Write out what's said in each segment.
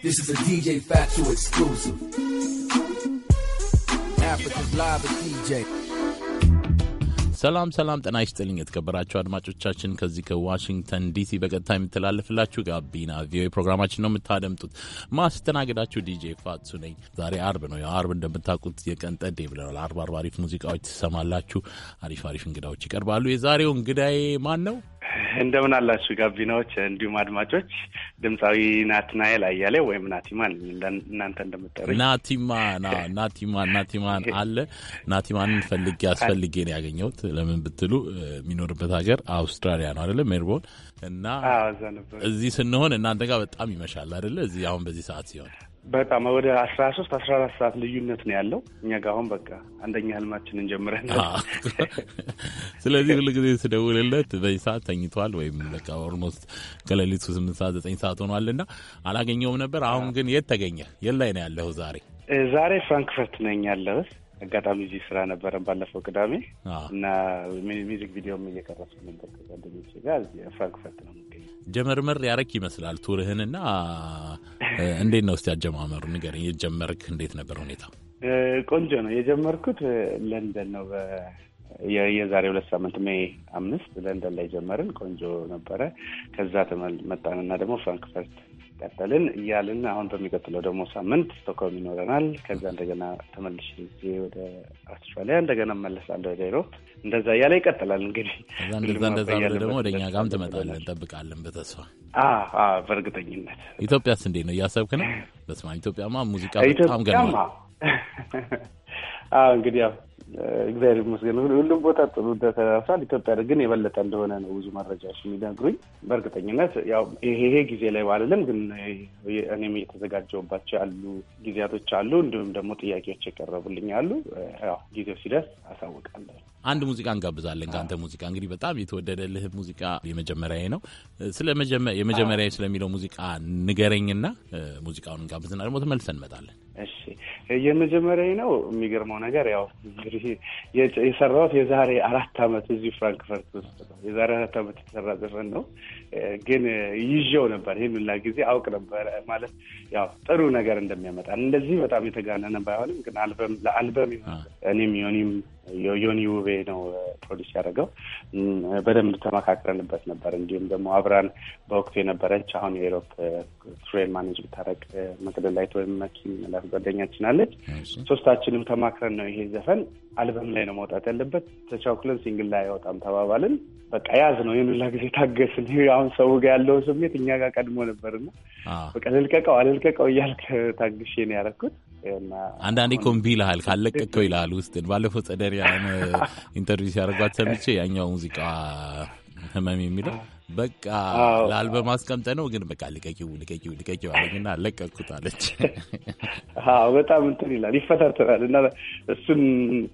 This is a DJ Fatso exclusive. Africa's live DJ. ሰላም ሰላም፣ ጤና ይስጥልኝ የተከበራችሁ አድማጮቻችን፣ ከዚህ ከዋሽንግተን ዲሲ በቀጥታ የምተላለፍላችሁ ጋቢና ቪኦኤ ፕሮግራማችን ነው የምታደምጡት። ማስተናገዳችሁ ዲጄ ፋትሱ ነኝ። ዛሬ አርብ ነው። ያው አርብ እንደምታውቁት የቀን ጠዴ ብለናል። አርብ አርብ አሪፍ ሙዚቃዎች ትሰማላችሁ፣ አሪፍ አሪፍ እንግዳዎች ይቀርባሉ። የዛሬው እንግዳዬ ማን ነው? እንደምን አላችሁ ጋቢናዎች፣ እንዲሁም አድማጮች። ድምፃዊ ናትናኤል አያሌ ወይም ናቲማን እናንተ እንደምጠሪ ናቲማ ናቲማ ናቲማን አለ ናቲማንን ፈልጌ አስፈልጌ ነው ያገኘሁት። ለምን ብትሉ የሚኖርበት ሀገር አውስትራሊያ ነው አደለ? ሜልቦርን እና እዚህ ስንሆን እናንተ ጋር በጣም ይመሻል አደለ? እዚህ አሁን በዚህ ሰዓት ሲሆን በጣም ወደ አስራ ሶስት አስራ አራት ሰዓት ልዩነት ነው ያለው እኛ ጋር። አሁን በቃ አንደኛ ህልማችንን ጀምረን። ስለዚህ ሁል ጊዜ ስደውልለት በዚህ ሰዓት ተኝቷል ወይም በቃ ኦልሞስት ከሌሊቱ ስምንት ሰዓት ዘጠኝ ሰዓት ሆኗል እና አላገኘውም ነበር። አሁን ግን የት ተገኘ? የት ላይ ነው ያለው ዛሬ ዛሬ ፍራንክፈርት ነኝ ያለሁት። አጋጣሚ እዚህ ስራ ነበረን ባለፈው ቅዳሜ እና ሚዚክ ቪዲዮም እየቀረጽኩ ነበር ከጓደኞቼ ጋር። ፍራንክፈርት ነው ጀመርመር ያረክ ይመስላል ቱርህንና፣ እንዴት ነው እስቲ አጀማመሩ ንገር። የጀመርክ እንዴት ነበር ሁኔታ? ቆንጆ ነው የጀመርኩት ለንደን ነው። የዛሬ ሁለት ሳምንት ሜይ አምስት ለንደን ላይ ጀመርን። ቆንጆ ነበረ። ከዛ መጣንና ደግሞ ፍራንክፈርት ቀጠልን እያልን አሁን በሚቀጥለው ደግሞ ሳምንት ስቶክሆልም ይኖረናል። ከዛ እንደገና ተመልሽ ተመልሼ ወደ አውስትራሊያ እንደገና መለሳለሁ ወደ ኢሮፕ። እንደዛ እያለ ይቀጥላል። እንግዲህ እንደዛ እንደዛ ደግሞ ወደ እኛ ጋርም ትመጣለህ እንጠብቃለን በተስፋ በእርግጠኝነት። ኢትዮጵያስ እንዴት ነው? እያሰብክ ነው? በስማ ኢትዮጵያማ ሙዚቃ በጣም ገ እንግዲህ ያው እግዚአብሔር ይመስገን ሁሉም ቦታ ጥሩ ተሳሳል። ኢትዮጵያ ግን የበለጠ እንደሆነ ነው ብዙ መረጃዎች የሚነግሩኝ። በእርግጠኝነት ያው ይሄ ጊዜ ላይ ባልልም፣ ግን እኔም እየተዘጋጀውባቸው ያሉ ጊዜያቶች አሉ። እንዲሁም ደግሞ ጥያቄዎች የቀረቡልኝ አሉ። ያው ጊዜው ሲደርስ አሳውቃለሁ። አንድ ሙዚቃ እንጋብዛለን። ከአንተ ሙዚቃ እንግዲህ በጣም የተወደደልህ ሙዚቃ የመጀመሪያ ነው። የመጀመሪያ ስለሚለው ሙዚቃ ንገረኝና ሙዚቃውን እንጋብዝና ደግሞ ተመልሰን እንመጣለን። እሺ የመጀመሪያ ነው የሚገርመው ነገር ያው እንግዲህ የሰራሁት የዛሬ አራት አመት እዚሁ ፍራንክፈርት ውስጥ ነው። የዛሬ አራት አመት የተሰራ ዘፈን ነው፣ ግን ይዤው ነበር። ይህን ሁላ ጊዜ አውቅ ነበር ማለት ያው ጥሩ ነገር እንደሚያመጣ እንደዚህ በጣም የተጋነነ ባይሆንም ግን አልበም ለአልበም እኔም ዮኒም የዮኒ ውቤ ነው ፕሮዲስ ያደረገው። በደንብ ተመካክረንበት ነበር። እንዲሁም ደግሞ አብራን በወቅቱ የነበረች አሁን የኤሮፕ ቱሬን ማኔጅ ብታረቅ መቅደላዊት ወይም መኪን ምላት ጓደኛችን አለች። ሶስታችንም ተማክረን ነው ይሄ ዘፈን አልበም ላይ ነው መውጣት ያለበት፣ ተቻኩለን ሲንግል ላይ አይወጣም ተባባልን። በቃ ያዝ ነው የምላ ጊዜ ታገስን። አሁን ሰው ጋር ያለውን ስሜት እኛ ጋር ቀድሞ ነበርና በቃ ልልቀቀው አልልቀቀው እያልክ ታግሼ ነው ያደረኩት። አንዳንዴ ኮምቢ እምቢ ይልሃል ካለቀቀው ይልሃል ውስጥን። ባለፈው ጸደሪያ ኢንተርቪው ሲያደርጓት ሰምቼ ያኛው ሙዚቃ ህመም የሚለው በቃ ለአልበም አስቀምጠ ነው ግን በቃ ልቀቂው ልቀቂው ልቀቂው አለኝና ለቀቅኩት አለች። በጣም እንትን ይላል ይፈታተናል። እና እሱን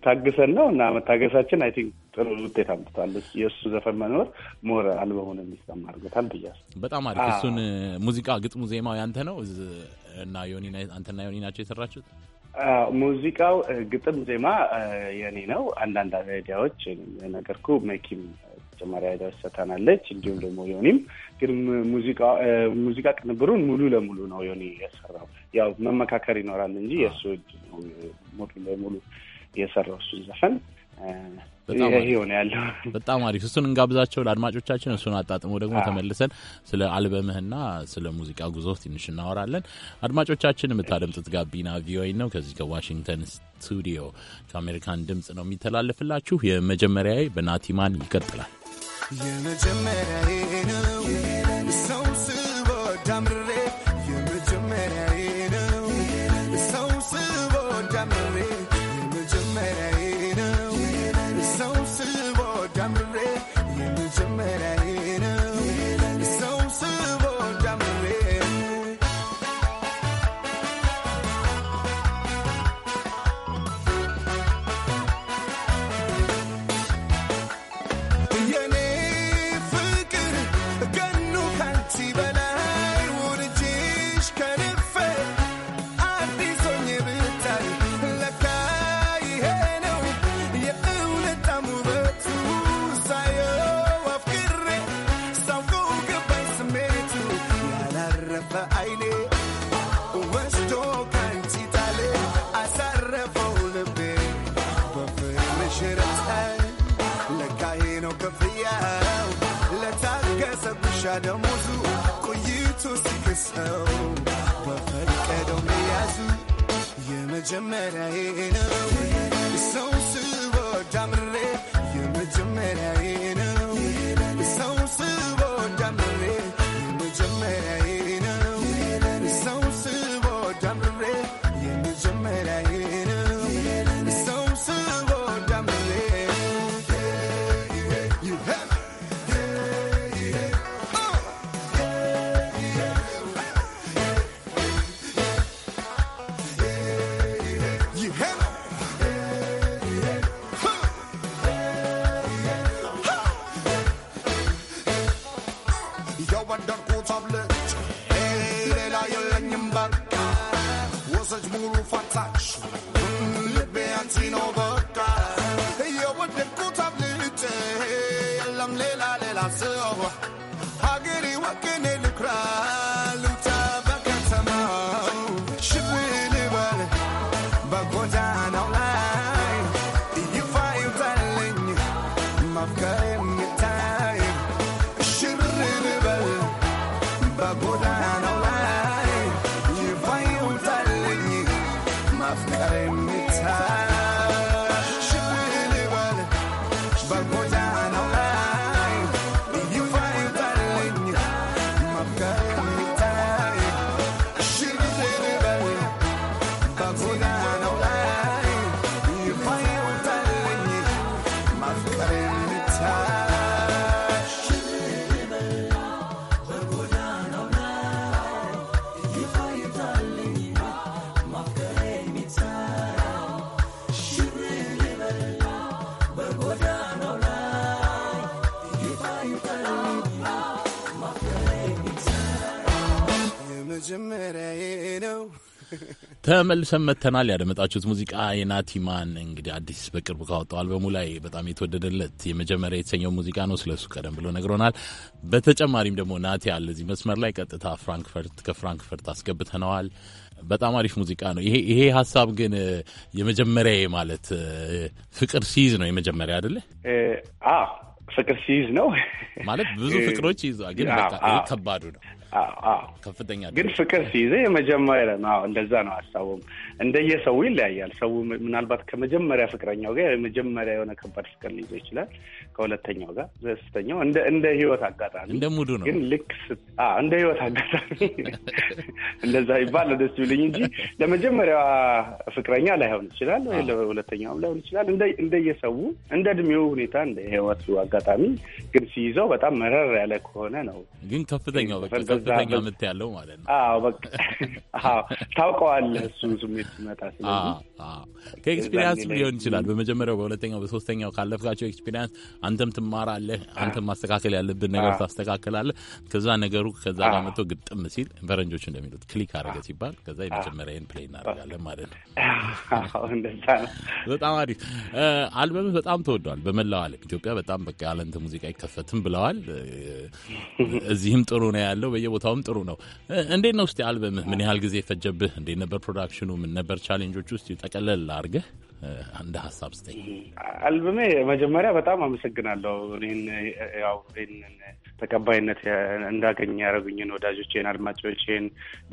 ታግሰን ነው እና መታገሳችን አይ ቲንክ ጥሩ ውጤት አምጥቷል። የእሱ ዘፈን መኖር ሞር አልበሙን የሚሰማ አድርገታል ብያስ። በጣም አሪፍ። እሱን ሙዚቃ ግጥሙ፣ ዜማው ያንተ ነው እና ዮኒ አንተና ዮኒ ናቸው የሰራችሁት? ሙዚቃው ግጥም ዜማ የኔ ነው። አንዳንድ አይዲያዎች ነገርኩ መኪም ተጨማሪ ያደርሰታናለች። እንዲሁም ደግሞ ዮኒም ግን ሙዚቃ ቅንብሩን ሙሉ ለሙሉ ነው ዮኒ የሰራው። ያው መመካከር ይኖራል እንጂ የእሱ ሙሉ ለሙሉ የሰራው እሱን ዘፈን በጣም አሪፍ። እሱን እንጋብዛቸው ለአድማጮቻችን። እሱን አጣጥሞ ደግሞ ተመልሰን ስለ አልበምህና ስለ ሙዚቃ ጉዞ ትንሽ እናወራለን። አድማጮቻችን የምታደምጡት ጋቢና ቪኦኤ ነው። ከዚህ ከዋሽንግተን ስቱዲዮ ከአሜሪካን ድምፅ ነው የሚተላለፍላችሁ። የመጀመሪያ በናቲማን ይቀጥላል። የመጀመሪያ ነው ስራዬ ነው ከፍያለው ለታገሰ ጉሻ ደሞዙ ቆይቶ ሲክሰው በፈቀደው መያዙ የመጀመሪያዬ ነው ሰው ስወዳ የመጀመሪያዬ ነው sin overkast Jeg jobber til kontabilitet Langt lille, i ተመልሰን መተናል። ያደመጣችሁት ሙዚቃ የናቲማን እንግዲህ አዲስ በቅርቡ ካወጣው አልበሙ ላይ በጣም የተወደደለት የመጀመሪያ የተሰኘው ሙዚቃ ነው። ስለሱ ቀደም ብሎ ነግሮናል። በተጨማሪም ደግሞ ናቲ አለ እዚህ መስመር ላይ ቀጥታ ፍራንክፈርት ከፍራንክፈርት አስገብተነዋል። በጣም አሪፍ ሙዚቃ ነው። ይሄ ሀሳብ ግን የመጀመሪያ ማለት ፍቅር ሲይዝ ነው የመጀመሪያ አይደለ? ፍቅር ሲይዝ ነው ማለት ብዙ ፍቅሮች ይዟል፣ ግን በቃ ከባዱ ነው ከፍተኛ ግን ፍቅር ሲይዘ የመጀመሪያ ነው። እንደዛ ነው ሀሳቡም እንደየሰው ይለያያል። ሰው ምናልባት ከመጀመሪያ ፍቅረኛው ጋር የመጀመሪያ የሆነ ከባድ ፍቅር ሊይዘ ይችላል። ከሁለተኛው ጋር ስተኛው እንደ ህይወት አጋጣሚ እንደ ሙዱ ነው። ግን ልክ እንደ ህይወት አጋጣሚ እንደዛ ይባል ደስ ይብልኝ እንጂ ለመጀመሪያ ፍቅረኛ ላይሆን ይችላል፣ ወይ ለሁለተኛውም ላይሆን ይችላል። እንደየሰው እንደ እድሜው ሁኔታ እንደ ህይወቱ አጋጣሚ ግን ሲይዘው በጣም መረር ያለ ከሆነ ነው ግን ከፍተኛው በቃ ከፍተኛ ምት ያለው ማለት ነው። አዎ በቃ ታውቀዋለህ፣ እሱ ስሜት ሲመጣ። ከኤክስፒሪያንስ ሊሆን ይችላል። በመጀመሪያው፣ በሁለተኛው፣ በሶስተኛው ካለፍካቸው ኤክስፒሪያንስ አንተም ትማራለህ። አንተም ማስተካከል ያለብን ነገር ታስተካክላለህ። ከዛ ነገሩ ከዛ ጋር መጥቶ ግጥም ሲል ፈረንጆች እንደሚሉት ክሊክ አደረገ ሲባል ከዛ የመጀመሪያን ፕሌይ እናደርጋለን ማለት ነው። በጣም አሪፍ አልበምህ በጣም ተወዷል። በመላው ዓለም ኢትዮጵያ በጣም በቃ ያለንተ ሙዚቃ አይከፈትም ብለዋል። እዚህም ጥሩ ነው ያለው በየ ቦታውም ጥሩ ነው። እንዴት ነው እስቲ አልበምህ ምን ያህል ጊዜ ፈጀብህ? እንዴት ነበር ፕሮዳክሽኑ? ምን ነበር ቻሌንጆች ውስጥ ጠቀለል አድርገህ እንደ ሀሳብ ስጠኝ። አልበሜ መጀመሪያ በጣም አመሰግናለሁ። ይህን ተቀባይነት እንዳገኘ ያደረጉኝን ወዳጆቼን፣ አድማጮቼን፣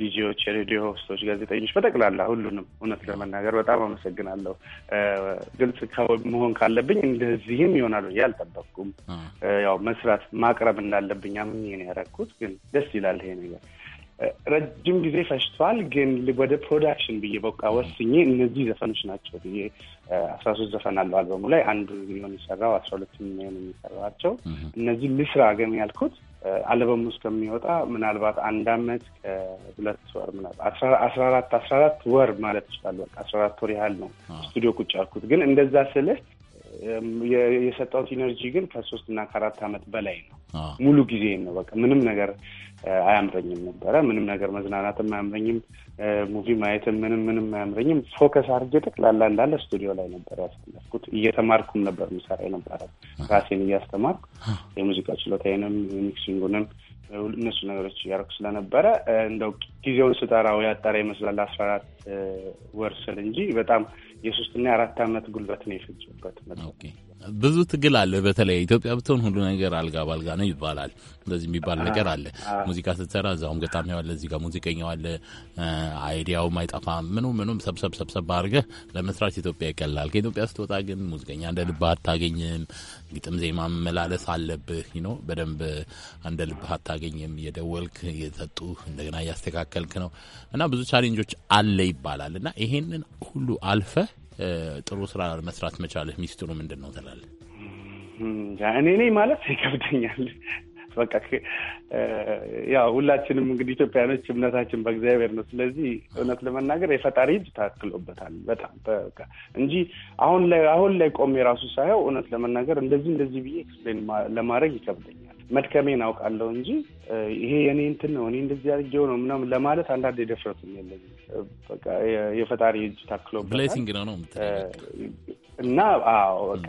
ዲጂዎች፣ የሬዲዮ ሆስቶች፣ ጋዜጠኞች በጠቅላላ ሁሉንም እውነት ለመናገር በጣም አመሰግናለሁ። ግልጽ መሆን ካለብኝ እንደዚህም ይሆናሉ አልጠበቅኩም። ያው መስራት ማቅረብ እንዳለብኝ አምኜ ነው ግን ደስ ይላል ይሄ ነገር ረጅም ጊዜ ፈጅቷል። ግን ወደ ፕሮዳክሽን ብዬ በቃ ወስኜ እነዚህ ዘፈኖች ናቸው ብዬ አስራ ሶስት ዘፈን አለው አልበሙ ላይ አንዱ ሚሊዮን የሰራው አስራ ሁለት ሚሊዮን የሚሰራቸው እነዚህ ልስራ ግን ያልኩት አልበሙ እስከሚወጣ ምናልባት አንድ አመት ከሁለት ወር አስራ አራት አስራ አራት ወር ማለት ይችላል። በቃ አስራ አራት ወር ያህል ነው ስቱዲዮ ቁጭ ያልኩት። ግን እንደዛ ስልህ የሰጠሁት ኢነርጂ ግን ከሶስት እና ከአራት አመት በላይ ነው። ሙሉ ጊዜ ነው በቃ ምንም ነገር አያምረኝም ነበረ። ምንም ነገር መዝናናትም አያምረኝም፣ ሙቪ ማየትም ምንም ምንም አያምረኝም። ፎከስ አድርጌ ጠቅላላ እንዳለ ስቱዲዮ ላይ ነበር ያሳለፍኩት። እየተማርኩም ነበር ምሰራ ነበረ። ራሴን እያስተማርኩ የሙዚቃ ችሎታዬንም ሚክሲንጉንም እነሱ ነገሮች እያደረኩ ስለነበረ እንደው ጊዜውን ስጠራው ያጠራ ይመስላል አስራ አራት ወር ስል እንጂ በጣም የሶስትና የአራት ዓመት ጉልበት ነው የፈጀበት ብዙ ትግል አለ። በተለይ ኢትዮጵያ ብትሆን ሁሉ ነገር አልጋ ባልጋ ነው ይባላል። እንደዚህ የሚባል ነገር አለ። ሙዚቃ ስትሰራ እዛውም ገጣሚ ዋለ፣ እዚህ ጋር ሙዚቀኛ ዋለ፣ አይዲያውም አይጠፋም። ምኑ ምኑም ሰብሰብ ሰብሰብ አድርገህ ለመስራት ኢትዮጵያ ይቀላል። ከኢትዮጵያ ስትወጣ ግን ሙዚቀኛ እንደ ልብህ አታገኝም። ግጥም ዜማ መላለስ አለብህ ነው። በደንብ እንደ ልብህ አታገኝም። የደወልክ የሰጡህ እንደገና እያስተካከልክ ነው እና ብዙ ቻሌንጆች አለ ይባላል እና ይሄንን ሁሉ አልፈህ ጥሩ ስራ መስራት መቻልህ ሚስጥሩ ምንድን ነው ትላለህ? እኔ እኔ ማለት ይከብደኛል። በቃ ያው ሁላችንም እንግዲህ ኢትዮጵያኖች እምነታችን በእግዚአብሔር ነው። ስለዚህ እውነት ለመናገር የፈጣሪ እጅ ታክሎበታል በጣም በቃ እንጂ አሁን ላይ አሁን ላይ ቆሜ የራሱ ሳየው እውነት ለመናገር እንደዚህ እንደዚህ ብዬ ኤክስፕሌን ለማድረግ ይከብደኛል። መድከሜን አውቃለሁ እንጂ ይሄ የኔ እንትን ነው እኔ እንደዚህ አድርጌው ነው ምናምን ለማለት አንዳንድ የደፍረቱም የለ በቃ የፈጣሪ እጅ ታክሎ ብሌሲንግ ነው ነው እና አዎ በቃ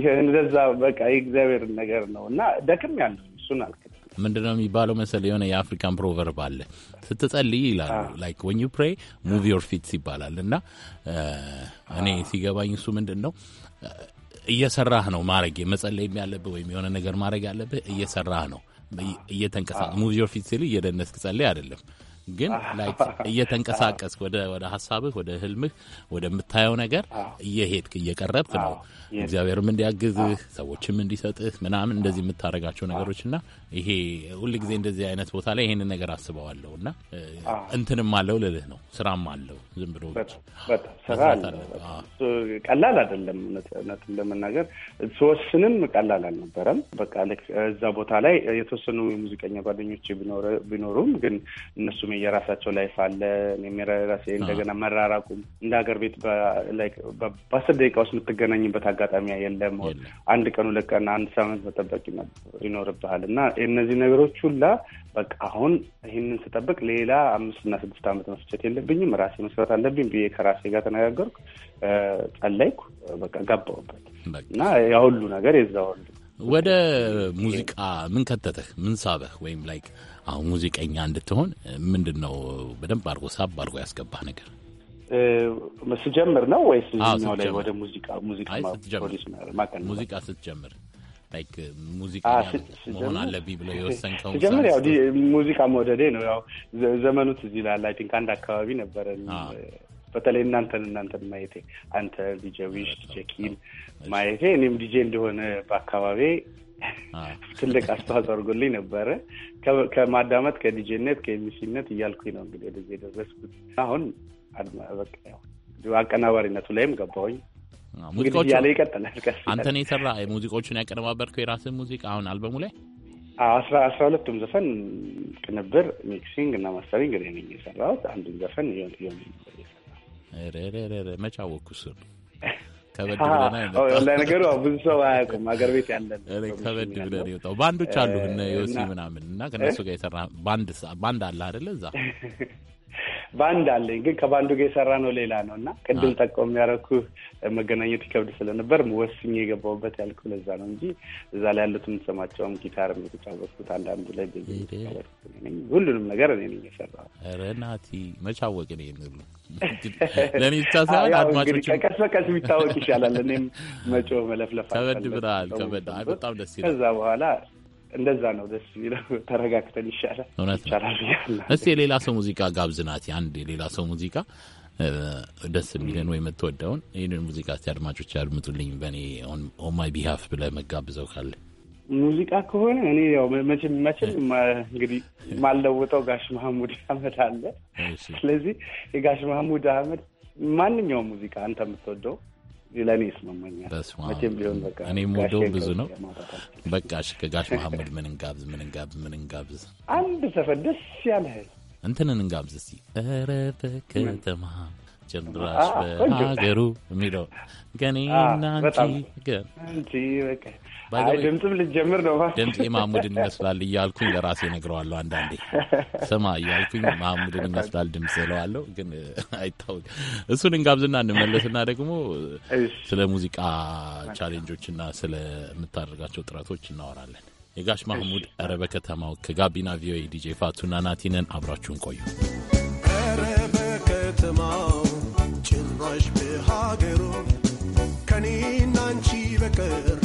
እንደዛ በቃ የእግዚአብሔር ነገር ነው እና ደክም ያለ እሱን አልክ ምንድነው የሚባለው መሰል የሆነ የአፍሪካን ፕሮቨርብ አለ ስትጸልይ ይላሉ ላይክ ወን ዩ ፕሬ ሙቭ ዮር ፊትስ ይባላል እና እኔ ሲገባኝ እሱ ምንድን ነው እየሰራህ ነው ማድረግ መጸለይም ያለብህ ወይም የሆነ ነገር ማድረግ ያለብህ እየሰራህ ነው እየተንቀሳቀስ ሙቭ ዮር ፊት ሲል እየደነስክ ጸልይ አይደለም ግን ላይክ እየተንቀሳቀስክ ወደ ሀሳብህ ወደ ህልምህ ወደምታየው ነገር እየሄድክ እየቀረብክ ነው እግዚአብሔርም እንዲያግዝህ ሰዎችም እንዲሰጥህ ምናምን እንደዚህ የምታደርጋቸው ነገሮች እና ይሄ ጊዜ እንደዚህ አይነት ቦታ ላይ ይሄንን ነገር አስበዋለሁ እና እንትንም አለው ልልህ ነው። ስራም አለው ዝም ብሎ ስራ ቀላል አይደለም። እውነትን ለመናገር ስወስንም ቀላል አልነበረም። በቃ እዛ ቦታ ላይ የተወሰኑ የሙዚቀኛ ጓደኞች ቢኖሩም ግን እነሱም የራሳቸው ላይፍ አለ የራሴ እንደገና መራራቁም እንደ ሀገር ቤት በአስር ደቂቃ ውስጥ የምትገናኝበት አጋጣሚ የለም። አንድ ቀን ሁለት ቀን አንድ ሳምንት መጠበቅ ይኖርብሃል እና እነዚህ ነገሮች ሁላ በቃ አሁን ይህንን ስጠብቅ ሌላ አምስትና ስድስት ዓመት መፍጨት የለብኝም ራሴ መስራት አለብኝ ብዬ ከራሴ ጋር ተነጋገርኩ፣ ጸለይኩ፣ በቃ ገባሁበት እና ያ ሁሉ ነገር የዛ ሁሉ ወደ ሙዚቃ ምን ከተተህ? ምን ሳበህ? ወይም ላይክ አሁን ሙዚቀኛ እንድትሆን ምንድን ነው በደንብ አድርጎ ሳብ አድርጎ ያስገባህ ነገር? ስጀምር ነው ወይስ ላይ ወደ ሙዚቃ ሙዚቃ ስትጀምር ላይክ ሙዚቃ መሆን አለብኝ ብለው የወሰንከው ስጀምር ያው ሙዚቃ መውደዴ ነው። ያው ዘመኑ ትዝ ይላል። አይ ቲንክ አንድ አካባቢ ነበረን። በተለይ እናንተን እናንተን ማየቴ አንተ ዲጄ ዊሽ ዲጄ ኪን ማየቴ እኔም ዲጄ እንደሆነ በአካባቢ ትልቅ አስተዋጽኦ አድርጎልኝ ነበረ። ከማዳመጥ ከዲጄነት ከኤሚሲነት እያልኩኝ ነው እንግዲህ ወደዚህ የደረስኩት አሁን አቀናባሪነቱ ላይም ገባሁኝ። ሙዚቃዎች ያለ ይቀጥላል። አንተን የሰራ ሙዚቃዎቹን ያቀነባበርከው የራስን ሙዚቃ አሁን አልበሙ ላይ አስራ ሁለቱም ዘፈን ቅንብር፣ ሚክሲንግ እና ማስተሪንግ እኔ ነኝ የሰራሁት። አንዱን ዘፈን መቼ አወኩ እሱ ከበድ ብለና ነገሩ ብዙ ሰው አያውቅም። ሀገር ቤት ያለን ከበድ ብለን የወጣው ባንዶች አሉ እነ ዮሲ ምናምን እና ከነሱ ጋር የሰራ ባንድ አለ አደለ? እዛ ባንድ አለኝ፣ ግን ከባንዱ ጋር የሰራ ነው ሌላ ነው እና ቅድም ጠቆም የሚያረኩ መገናኘት ይከብድ ስለነበር ወስኜ የገባውበት ያልኩ ለዛ ነው እንጂ እዛ ላይ ያሉት የምትሰማቸውም ጊታር የተጫወትኩት አንዳንዱ ላይ ሁሉንም ነገር እኔ ነኝ የሰራሁት። ኧረ መቻወቅ ነው የሚሉ ለእኔ ብቻ ሳይሆን አድማጮች ቀስ በቀስ የሚታወቅ ይሻላል። እኔም መጮ መለፍለፍ ከበድ ብለሃል። ከበድ በጣም ደስ ይላል። ከዛ በኋላ እንደዛ ነው ደስ የሚለው። ተረጋግተን ይሻላል ይቻላል እስቲ የሌላ ሰው ሙዚቃ ጋብዝናት አንድ የሌላ ሰው ሙዚቃ ደስ የሚለን ወይ የምትወደውን ይህንን ሙዚቃ እስቲ አድማጮች ያድምጡልኝ በእኔ ኦማይ ቢሃፍ ብለህ መጋብዘው ካለ ሙዚቃ ከሆነ እኔ ያው መቼም መቼም እንግዲህ ማለውጠው ጋሽ መሐሙድ አህመድ አለ። ስለዚህ የጋሽ መሐሙድ አህመድ ማንኛውም ሙዚቃ አንተ የምትወደው ለእኔ ይስማማኛል። መቼም ቢሆን በቃ እኔም ወደው ብዙ ነው። በቃ እሺ፣ ከጋሽ መሐመድ ምን እንጋብዝ? ምን እንጋብዝ? ምን እንጋብዝ? አንድ ዘፈን ደስ ያለህ እንትንን እንጋብዝ እስቲ። ኧረ በከተማ ጭራሽ በሀገሩ የሚለው ገኔ ናንቺ ገ ድምፅም ልጀምር ነው ድምፅ የማሙድን ይመስላል እያልኩኝ ለራሴ ነግረዋለሁ። አንዳንዴ ስማ እያልኩኝ ማሙድን ይመስላል ድምፅ እለዋለሁ፣ ግን አይታወቅ እሱን እንጋብዝና እንመለስና ደግሞ ስለ ሙዚቃ ቻሌንጆችና ስለምታደርጋቸው ጥረቶች እናወራለን። የጋሽ ማህሙድ እረ በከተማው ከጋቢና ቪኦኤ ዲጄ ፋቱና ናቲነን አብራችሁን ቆዩ። እረ በከተማው ጭራሽ በሀገሩ በቀር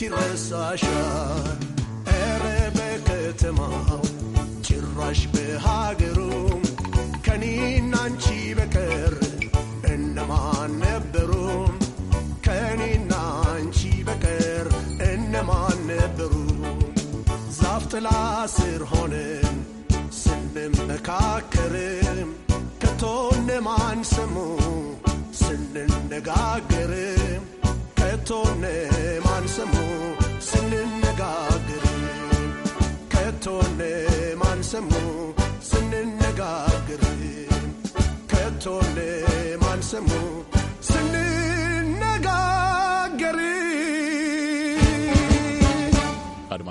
እንዴት ይረሳሻል ኧረ በከተማው ጭራሽ በሀገሩ ከኔና አንቺ በቀር እነማን ነበሩ ከኔና አንቺ በቀር እነማን ነበሩ ዛፍ ጥላ ስር ሆነን ስንመካከርም ከቶ እነማን ሰሙ ስንነጋገርም ከቶነ ማንሰሙ ሰሙ ስንነጋገር ከቶነ ማንሰሙ ሰሙ ስንነጋገር ከቶነ ማን ስን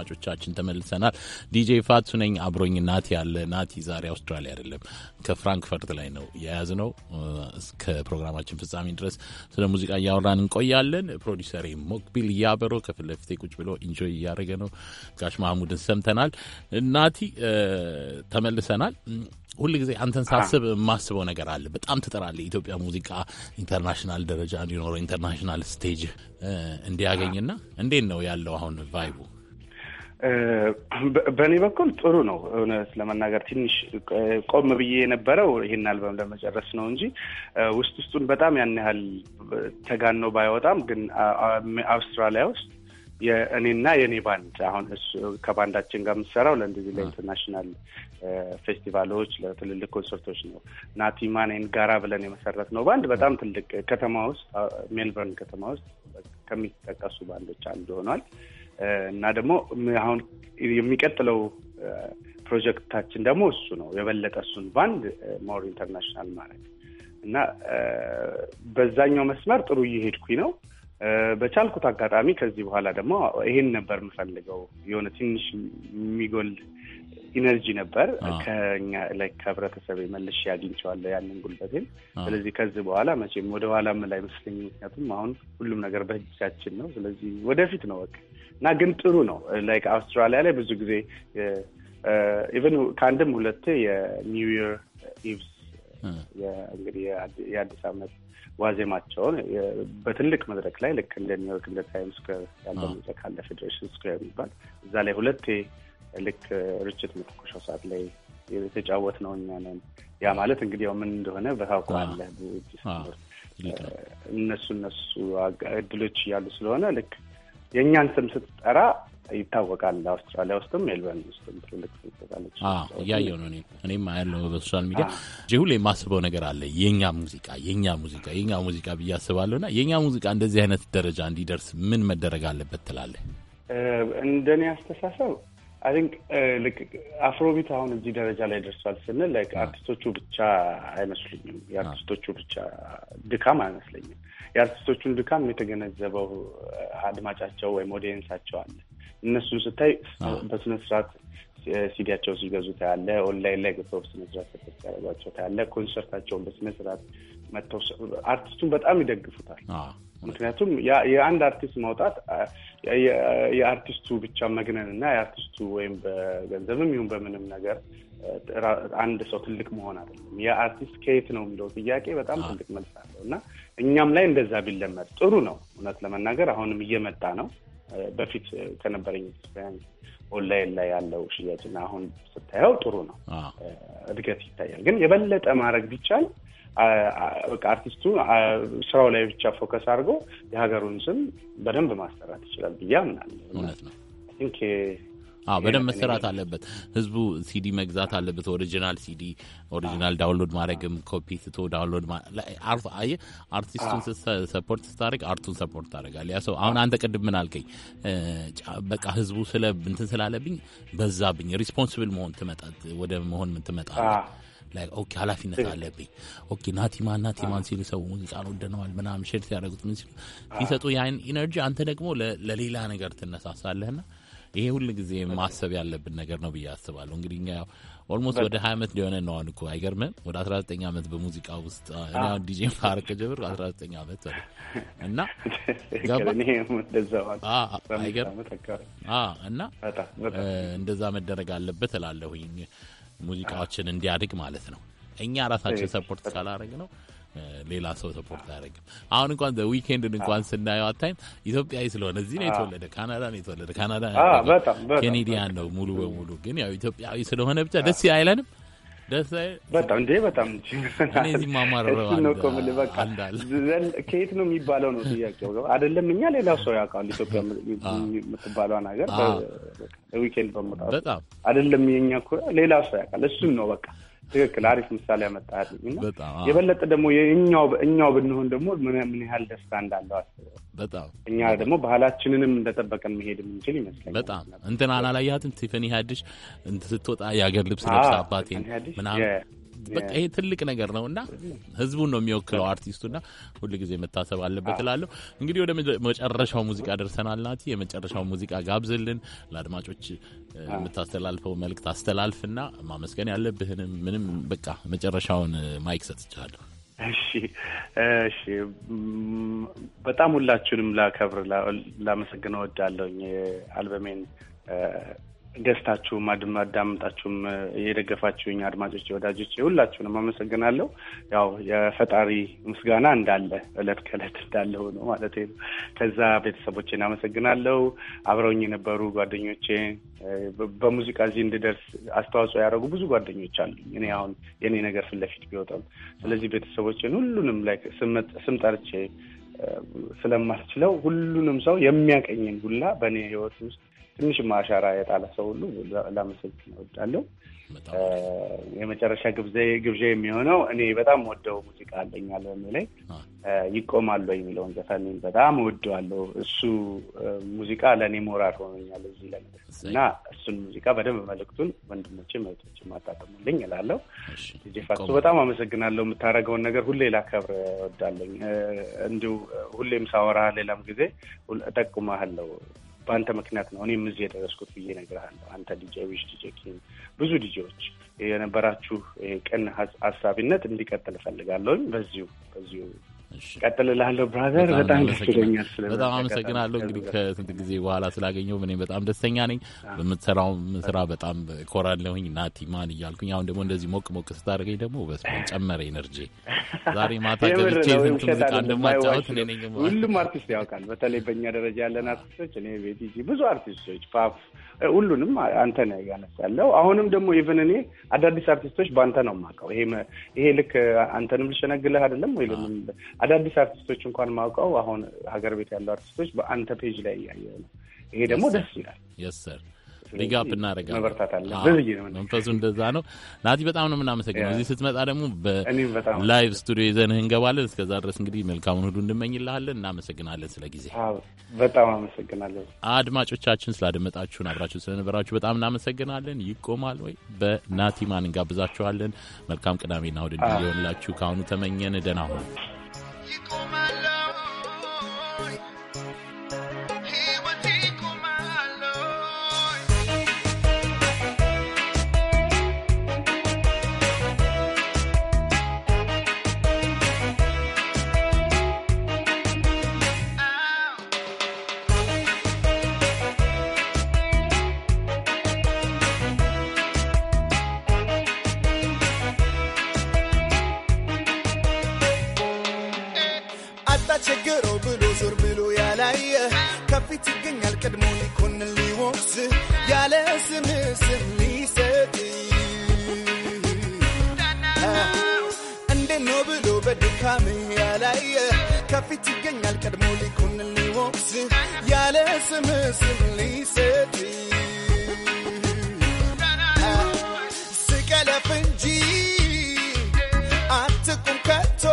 አድማጮቻችን ተመልሰናል። ዲጄ ፋቱ ነኝ። አብሮኝ ናቲ ያለ ናቲ ዛሬ አውስትራሊያ አይደለም ከፍራንክፈርት ላይ ነው የያዝ ነው። እስከ ፕሮግራማችን ፍጻሜ ድረስ ስለ ሙዚቃ እያወራን እንቆያለን። ፕሮዲሰሬ ሞክቢል እያበሮ ከፊት ለፊቴ ቁጭ ብሎ ኢንጆይ እያደረገ ነው። ጋሽ ማህሙድን ሰምተናል። ናቲ ተመልሰናል። ሁል ጊዜ አንተን ሳስብ የማስበው ነገር አለ። በጣም ትጥራለህ የኢትዮጵያ ሙዚቃ ኢንተርናሽናል ደረጃ እንዲኖረው ኢንተርናሽናል ስቴጅ እንዲያገኝና እንዴት ነው ያለው አሁን ቫይቡ? በእኔ በኩል ጥሩ ነው። እውነት ለመናገር ትንሽ ቆም ብዬ የነበረው ይህን አልበም ለመጨረስ ነው እንጂ ውስጥ ውስጡን በጣም ያን ያህል ተጋኖ ባይወጣም ግን አውስትራሊያ ውስጥ የእኔና የእኔ ባንድ አሁን እሱ ከባንዳችን ጋር የምትሰራው ለእንደዚህ ለኢንተርናሽናል ፌስቲቫሎች፣ ለትልልቅ ኮንሰርቶች ነው። ናቲማኔን ጋራ ብለን የመሰረት ነው ባንድ በጣም ትልቅ ከተማ ውስጥ ሜልበርን ከተማ ውስጥ ከሚጠቀሱ ባንዶች አንዱ ሆኗል። እና ደግሞ አሁን የሚቀጥለው ፕሮጀክታችን ደግሞ እሱ ነው የበለጠ እሱን ባንድ ሞር ኢንተርናሽናል ማለት እና በዛኛው መስመር ጥሩ እየሄድኩኝ ነው። በቻልኩት አጋጣሚ ከዚህ በኋላ ደግሞ ይሄን ነበር የምፈልገው የሆነ ትንሽ የሚጎል ኢነርጂ ነበር ከኛ ላይ ከህብረተሰብ መልሽ አግኝቼዋለሁ ያንን ጉልበቴን። ስለዚህ ከዚህ በኋላ መቼም ወደ ኋላ ምን አይመስለኝም። ምክንያቱም አሁን ሁሉም ነገር በእጃችን ነው። ስለዚህ ወደፊት ነው በቃ እና ግን ጥሩ ነው ላይክ አውስትራሊያ ላይ ብዙ ጊዜ ኢቨን ከአንድም ሁለቴ የኒው ይር ኢቭስ እንግዲህ የአዲስ ዓመት ዋዜማቸውን በትልቅ መድረክ ላይ ልክ እንደ ኒውዮርክ እንደ ታይም ስኩዌር ያለ መድረክ ፌዴሬሽን ስኩዌር የሚባል እዛ ላይ ሁለቴ ልክ ርችት መተኮሻው ሰዓት ላይ የተጫወት ነው እኛ ነን። ያ ማለት እንግዲህ ያው ምን እንደሆነ በታውቀዋለህ። እነሱ እነሱ እድሎች እያሉ ስለሆነ ልክ የእኛን ስም ስትጠራ ይታወቃል። አውስትራሊያ ውስጥም ሜልበርን ውስጥም ትልልቅ ስታለች እያየሁ ነው። እኔም ያለው በሶሻል ሚዲያ እ ሁሌ የማስበው ነገር አለ። የኛ ሙዚቃ የኛ ሙዚቃ የኛ ሙዚቃ ብዬ አስባለሁ። እና የኛ ሙዚቃ እንደዚህ አይነት ደረጃ እንዲደርስ ምን መደረግ አለበት ትላለህ? እንደኔ አስተሳሰብ አይ ቲንክ ልክ አፍሮቢት አሁን እዚህ ደረጃ ላይ ደርሷል ስንል ላይክ አርቲስቶቹ ብቻ አይመስሉኝም። የአርቲስቶቹ ብቻ ድካም አይመስለኝም። የአርቲስቶቹን ድካም የተገነዘበው uh, አድማጫቸው ወይም ኦዲየንሳቸው አለ። እነሱን ስታይ በስነ ስርዓት ሲዲያቸው ሲገዙ ታያለ። ኦንላይን ላይ ገብተው በስነ ስርዓት ሰፖርት ያደረጓቸው ታያለ። ኮንሰርታቸውን በስነ ስርዓት መጥተው አርቲስቱን በጣም ይደግፉታል። ምክንያቱም የአንድ አርቲስት ማውጣት የአርቲስቱ ብቻ መግነን እና የአርቲስቱ ወይም በገንዘብም ይሁን በምንም ነገር አንድ ሰው ትልቅ መሆን አይደለም። የአርቲስት ከየት ነው የሚለው ጥያቄ በጣም ትልቅ መልስ አለው እና እኛም ላይ እንደዛ ቢለመድ ጥሩ ነው። እውነት ለመናገር አሁንም እየመጣ ነው። በፊት ከነበረኝ ኤክስፔሪንስ ኦንላይን ላይ ያለው ሽያጭና አሁን ስታየው ጥሩ ነው፣ እድገት ይታያል። ግን የበለጠ ማድረግ ቢቻል አርቲስቱ ስራው ላይ ብቻ ፎከስ አድርጎ የሀገሩን ስም በደንብ ማሰራት ይችላል ብዬ አምናለሁ። እውነት ነው። በደንብ መሰራት አለበት። ህዝቡ ሲዲ መግዛት አለበት። ኦሪጂናል ሲዲ ኦሪጂናል ዳውንሎድ ማድረግም ኮፒ ስቶ ዳውንሎድ አርቲስቱን ሰፖርት ስታደርግ አርቱን ሰፖርት ታደርጋለህ። ያ ሰው አሁን አንተ ቅድም ምን አልከኝ? በቃ ህዝቡ ስለ እንትን ስላለብኝ በዛብኝ ሪስፖንስብል መሆን ትመጣ ወደ መሆን ምን ትመጣለህ ኦኬ ኃላፊነት አለብኝ። ኦኬ ናቲማ ናቲማን ሲሉ ሰው ሙዚቃን ወደነዋል ምናምን ሼር ሲያደርጉት ምን ሲሉ ሲሰጡ ያን ኢነርጂ አንተ ደግሞ ለሌላ ነገር ትነሳሳለህና ይሄ ሁል ጊዜ ማሰብ ያለብን ነገር ነው ብዬ አስባለሁ። እንግዲህ እኛ ያው ኦልሞስት ወደ ሀያ ዓመት ሊሆነ ነው አሁን እኮ አይገርምም። ወደ አስራ ዘጠኝ ዓመት በሙዚቃ ውስጥ ሁን ዲጄ ማር ከጀምር አስራ ዘጠኝ ዓመት እና አይገርም እና እንደዛ መደረግ አለበት እላለሁኝ። ሙዚቃዎችን እንዲያድግ ማለት ነው። እኛ ራሳችን ሰፖርት ካላረግ ነው ሌላ ሰው ሰፖርት አያደርግም። አሁን እንኳን ዊኬንድን እንኳን ስናየው አታይም። ኢትዮጵያዊ ስለሆነ እዚህ ነው የተወለደ፣ ካናዳ ነው የተወለደ፣ ካናዳ ኬኔዲያን ነው ሙሉ በሙሉ ግን ያው ኢትዮጵያዊ ስለሆነ ብቻ ደስ አይለንም። ደስ በጣም እንዴ በጣም ከየት ነው የሚባለው ነው ጥያቄው። አይደለም እኛ ሌላ ሰው ያውቃል። ኢትዮጵያ የምትባለዋን ነገር ዊኬንድ በመውጣት አይደለም የኛ ሌላ ሰው ያውቃል። እሱም ነው በቃ ትክክል። አሪፍ ምሳሌ ያመጣልኝ እና የበለጠ ደግሞ እኛው ብንሆን ደግሞ ምን ያህል ደስታ እንዳለው አስበው። በጣም እኛ ደግሞ ባህላችንንም እንደጠበቀ መሄድ የምንችል ይመስለኛል። በጣም እንትን አላላያትን ቲፈኒ ሀዲሽ ስትወጣ የአገር ልብስ ለብሳ አባቴ ምናምን በቃ ይሄ ትልቅ ነገር ነው እና ህዝቡን ነው የሚወክለው አርቲስቱ ሁል ጊዜ መታሰብ አለበት ah. እላለሁ። እንግዲህ ወደ መጨረሻው ሙዚቃ ደርሰናል። ናቲ የመጨረሻው ሙዚቃ ጋብዝልን። ለአድማጮች ah. የምታስተላልፈው መልእክት አስተላልፍና ማመስገን ያለብህንም ምንም በቃ መጨረሻውን ማይክ ሰጥቻለሁ። እሺ እሺ፣ በጣም ሁላችሁንም ላከብር ላመሰግን እወዳለሁኝ። አልበሜን ገዝታችሁም አዳምጣችሁም የደገፋችሁኝ አድማጮች፣ ወዳጆች ሁላችሁንም አመሰግናለሁ። ያው የፈጣሪ ምስጋና እንዳለ እለት ከእለት እንዳለ ሆኖ ማለት ነው። ከዛ ቤተሰቦቼን አመሰግናለሁ። አብረውኝ የነበሩ ጓደኞቼ በሙዚቃ እዚህ እንድደርስ አስተዋጽኦ ያደረጉ ብዙ ጓደኞች አሉ። እኔ አሁን የእኔ ነገር ፊት ለፊት ቢወጣም ስለዚህ ቤተሰቦችን ሁሉንም ላይ ስም ጠርቼ ስለማልችለው ሁሉንም ሰው የሚያቀኝን ሁላ በእኔ ህይወት ውስጥ ትንሽ ማሻራ የጣለ ሰው ሁሉ ላመሰግን እወዳለሁ። የመጨረሻ ግብዣ የሚሆነው እኔ በጣም ወደው ሙዚቃ አለኝ አልበም ላይ ይቆማሉ የሚለውን ዘፈን በጣም ወደዋለሁ። እሱ ሙዚቃ ለእኔ ሞራል ሆኖኛል እዚህ ላይ እና እሱን ሙዚቃ በደንብ መልዕክቱን ወንድሞችን መቶች ማጣጥሙልኝ እላለሁ። ጄፋሱ በጣም አመሰግናለሁ። የምታደርገውን ነገር ሁሌ ላከብር ወዳለኝ እንዲሁ ሁሌም ሳወራ ሌላም ጊዜ ጠቁመሃለሁ በአንተ ምክንያት ነው እኔም እዚህ የደረስኩት ብዬ እነግርሃለሁ። አንተ ዲጄ ዊሽ፣ ዲጄ ኪን፣ ብዙ ዲጄዎች የነበራችሁ ቅን ሀሳቢነት እንዲቀጥል እፈልጋለሁኝ። በዚሁ በዚሁ ቀጥልላለሁ ብራዘር። በጣም ደስ ይለኛል። በጣም አመሰግናለሁ። እንግዲህ ከስንት ጊዜ በኋላ ስላገኘው እኔ በጣም ደስተኛ ነኝ። በምትሰራውም ስራ በጣም ኮራለሁኝ። ማን እያልኩኝ አሁን ደግሞ እንደዚህ ሞቅ ሞቅ ስታደርገኝ ደግሞ በስ ጨመረ ኤነርጂ። ዛሬ ማታ ገብቼ ስንት ሙዚቃ እንደማጫወት እኔ ነኝ። ሁሉም አርቲስት ያውቃል። በተለይ በእኛ ደረጃ ያለን አርቲስቶች እኔ ቤቲጂ ብዙ አርቲስቶች ፋፍ ሁሉንም አንተ ነው ያለው። አሁንም ደግሞ ኢቨን እኔ አዳዲስ አርቲስቶች በአንተ ነው የማውቀው። ይሄ ልክ አንተንም ልሸነግልህ አይደለም ወይ አዳዲስ አርቲስቶች እንኳን ማውቀው አሁን ሀገር ቤት ያሉ አርቲስቶች በአንተ ፔጅ ላይ እያየ ነው። ይሄ ደግሞ ደስ ይላል። ሰር ቢጋፕ እናደርጋለን። መበርታታለን። መንፈሱ እንደዛ ነው። ናቲ በጣም ነው የምናመሰግነው። እዚህ ስትመጣ ደግሞ በላይቭ ስቱዲዮ ይዘንህ እንገባለን። እስከዛ ድረስ እንግዲህ መልካሙን ሁሉ እንመኝልሃለን። እናመሰግናለን ስለ ጊዜ በጣም አመሰግናለን። አድማጮቻችን ስላደመጣችሁን አብራችሁ ስለነበራችሁ በጣም እናመሰግናለን። ይቆማል ወይ በናቲማን እንጋብዛችኋለን። መልካም ቅዳሜና እሑድ እንዲሆንላችሁ ከአሁኑ ተመኘን። ደህና ሁኑ። Como ችግሮ ብሎ ዞር ብሎ ያላየ ከፊት ይገኛል ቀድሞ ሊኮንን ሊወስ ያለ ስም ስም ሊሰጥ እንዴት ነው ብሎ በድካም ያላየ ከፊት ይገኛል ቀድሞ ሊኮንን ሊወስ ያለ ስም ስም ሊሰጥ ስቀለፍ እንጂ አትቁም ከቶ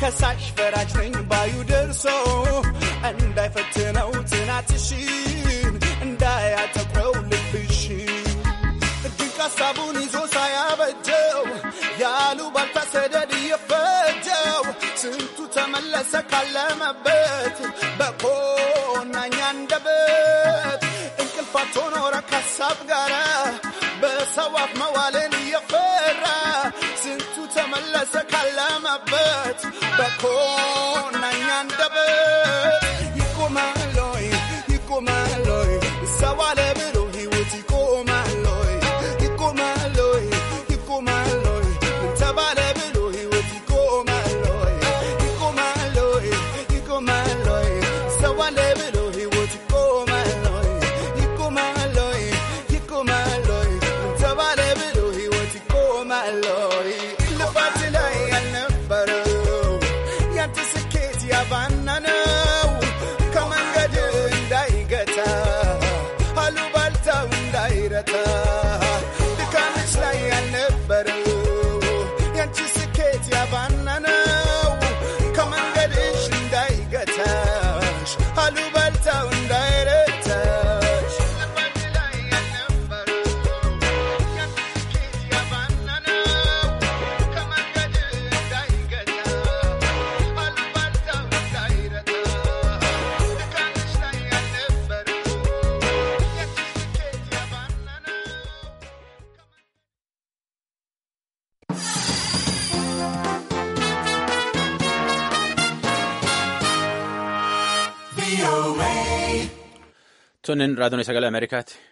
ከሳሽ ፈራጅ ነኝ ባዩ ደርሶ እንዳይፈትነው ትናትሽን እንዳያተኩረው ልብሽን ድንቅ ሀሳቡን ይዞ ሳያበጀው ያሉ ባልታ ሰደድ እየፈጀው ስንቱ ተመለሰ ካለመበት በኮናኛ እንደበት እንቅልፋቶ ኖረ ከሀሳብ ጋራ በሰዋፍ መዋልን እየፈራ ስንቱ ተመለሰ ካለመበት በኮ ናኛንደበት ይቆማሎይ ይቆማሎይ ሰው አለ ብሎ ሕይወት ይቆማሎይ ይቆማሎይ ይቆማሎይ ምን ተባለ ብሎ ሕይወት ይቆማሎይ ይቆማሎይ ይቆማሎይ ሰው አለ ብሎ ሕይወት ይቆማሎይ ይቆማሎይ ይቆማሎይ ምን ተባለ ብሎ ሕይወት ይቆማሎይ Tonneen raadona sagalee Ameerikaati.